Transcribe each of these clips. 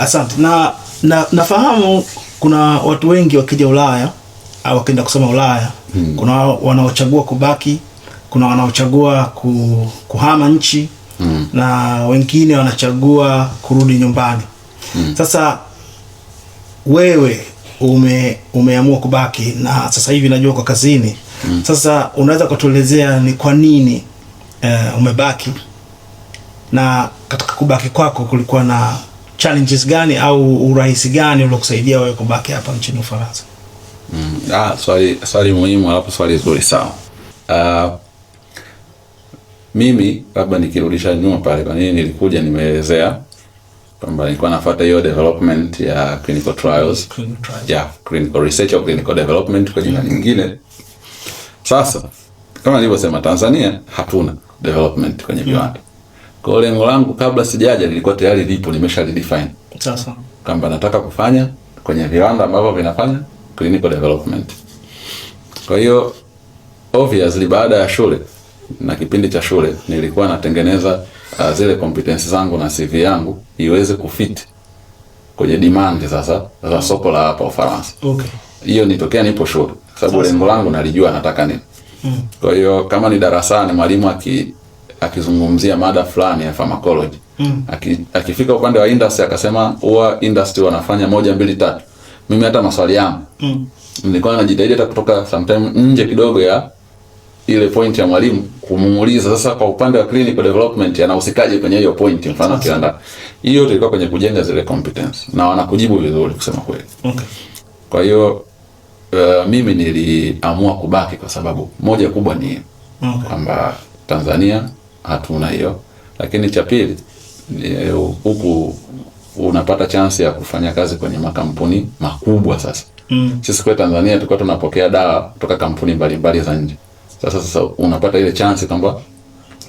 Asante. Na, na nafahamu kuna watu wengi wakija Ulaya au wakienda kusoma Ulaya hmm. kuna wanaochagua kubaki, kuna wanaochagua ku, kuhama nchi hmm. na wengine wanachagua kurudi nyumbani hmm. Sasa wewe ume, umeamua kubaki na sasa hivi najua kwa kazini hmm. Sasa unaweza kutuelezea ni kwa nini uh, umebaki na katika kubaki kwako kulikuwa na challenges gani au urahisi gani uliokusaidia wewe kubaki hapa nchini Ufaransa? Mm, ah, swali swali muhimu alafu swali zuri sawa. Uh, ah, mimi labda nikirudisha nyuma pale, kwa nini nilikuja, nimeelezea kwamba nilikuwa nafuata hiyo development ya clinical trials, clinical trials. Yeah, clinical research au clinical development kwa jina lingine. Sasa kama nilivyosema, Tanzania hatuna development kwenye mm. viwanda mm. Kwa lengo langu kabla sijaja lilikuwa tayari lipo nimesha redefine. Sasa kwamba nataka kufanya kwenye viwanda ambavyo vinafanya clinical development. Kwa hiyo obviously baada ya shule na kipindi cha shule nilikuwa natengeneza uh, zile competence zangu na CV yangu iweze kufit kwenye demand sasa za soko la hapa Ufaransa. Okay. Hiyo nitokea nipo shule sababu lengo langu nalijua nataka nini. Mm. Kwa hiyo kama ni darasani mwalimu aki akizungumzia mada fulani ya pharmacology mm. akifika Aki, upande wa industry akasema huwa industry wanafanya moja mbili tatu. Mimi hata maswali yangu mm. nilikuwa najitahidi hata kutoka sometime nje kidogo ya ile point ya mwalimu kumuuliza, sasa kwa upande wa clinical development anahusikaje kwenye hiyo point, mfano kiwanda. Hiyo ilikuwa kwenye kujenga zile competence na wanakujibu vizuri kusema kweli. Okay. Kwa hiyo uh, mimi niliamua kubaki kwa sababu moja kubwa ni okay. kwamba Tanzania hatuna hiyo. Lakini cha pili eh, huku unapata chansi ya kufanya kazi kwenye makampuni makubwa sasa. Mm. Sisi kwa Tanzania tulikuwa tunapokea dawa kutoka kampuni mbalimbali za nje. Sasa sasa unapata ile chance kwamba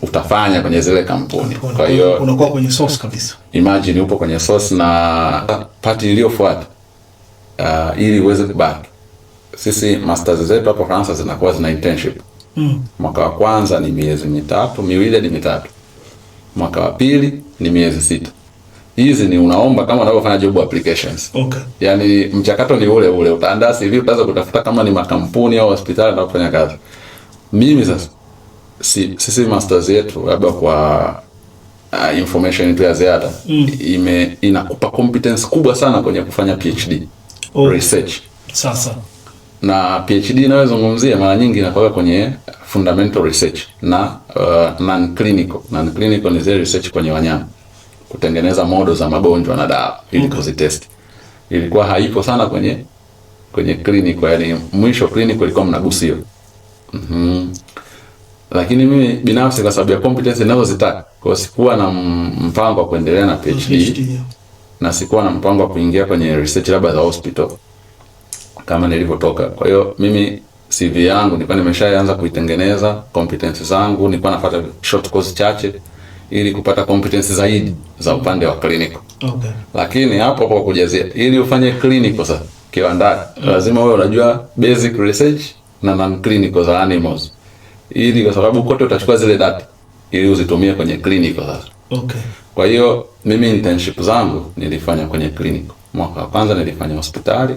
utafanya kwenye zile kampuni. Kwa hiyo unakuwa kwenye source kabisa. Imagine upo kwenye source na party iliyofuata uh, ili uweze kubaki. Sisi masters zetu hapo Faransa zinakuwa zina internship. Mm. Mwaka wa kwanza ni miezi mitatu, miwili hadi mitatu. Mwaka wa pili ni miezi sita. Hizi ni unaomba kama unavyofanya job applications. Okay. Yaani mchakato ni ule ule, utaandaa CV, utaanza kutafuta kama ni makampuni au hospitali na kufanya kazi. Mimi sasa si, sisi masters yetu labda kwa uh, information tu ya ziada mm. ime inakupa competence kubwa sana kwenye kufanya PhD. Okay. Oh. Research. Sasa na PhD inayozungumzia mara nyingi inakuwa kwenye fundamental research na uh, non clinical. Non clinical ni zile research kwenye wanyama kutengeneza modo za magonjwa na dawa ili mm. kuzitest. Ilikuwa haipo sana kwenye kwenye clinical, yani mwisho clinical ilikuwa mnagusio Mhm. Mm, lakini mimi binafsi kwa sababu ya competence ninazozitaka, kwa sikuwa na mpango wa kuendelea na PhD, PhD na sikuwa na mpango wa kuingia kwenye research labda za hospital kama nilivyotoka. Kwa hiyo mimi CV yangu nilikuwa nimeshaanza kuitengeneza, competence zangu nilikuwa nafuata short course chache ili kupata competence zaidi za upande wa clinical. Okay. Lakini hapo kwa kujazia ili ufanye clinical sasa kiwandani, mm. lazima wewe unajua basic research na non clinical za animals. Ili kwa sababu kote utachukua zile data ili uzitumie kwenye clinical sasa. Okay. Kwa hiyo mimi internship zangu nilifanya kwenye clinical. Mwaka wa kwanza nilifanya hospitali,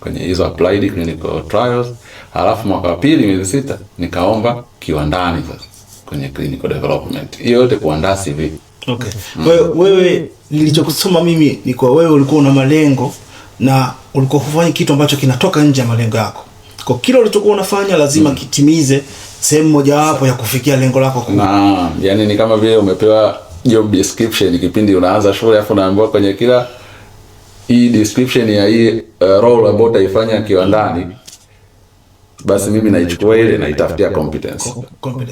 kwenye hizo applied clinical trials, halafu mwaka wa pili miezi sita nikaomba kiwandani sasa kwenye clinical development. Hiyo yote kuandaa CV. Okay. Mm. Wewe, wewe nilichokusoma mimi ni kwa wewe ulikuwa una malengo na ulikuwa hufanya kitu ambacho kinatoka nje ya malengo yako. Kwa kila ulichokuwa unafanya lazima mm. kitimize sehemu mojawapo ya kufikia lengo lako kubwa. Na, yani ni kama vile umepewa job description kipindi unaanza shule afu unaambiwa kwenye kila hii description ya hii uh, role ambayo utaifanya kiwandani, basi mimi naichukua ile naitafutia competence,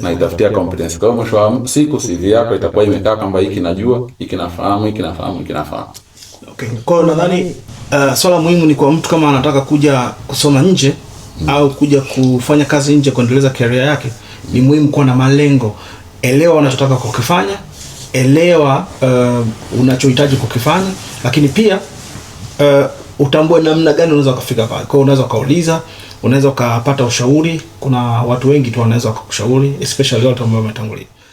naitafutia competence. Kwa mwisho wa siku CV yako itakuwa imekaa kwamba hiki najua, hiki nafahamu, hiki nafahamu, hiki nafahamu. Okay. Kwa nadhani uh, swala muhimu ni kwa mtu kama anataka kuja kusoma nje mm, au kuja kufanya kazi nje kuendeleza career yake mm, ni muhimu kuwa na malengo, elewa unachotaka kukifanya, elewa uh, unachohitaji kukifanya, lakini pia uh, utambue namna gani unaweza kufika pale. Kwa unaweza ukauliza, unaweza ukapata ushauri. Kuna watu wengi tu wanaweza wakakushauri, especially watu ambao wametangulia.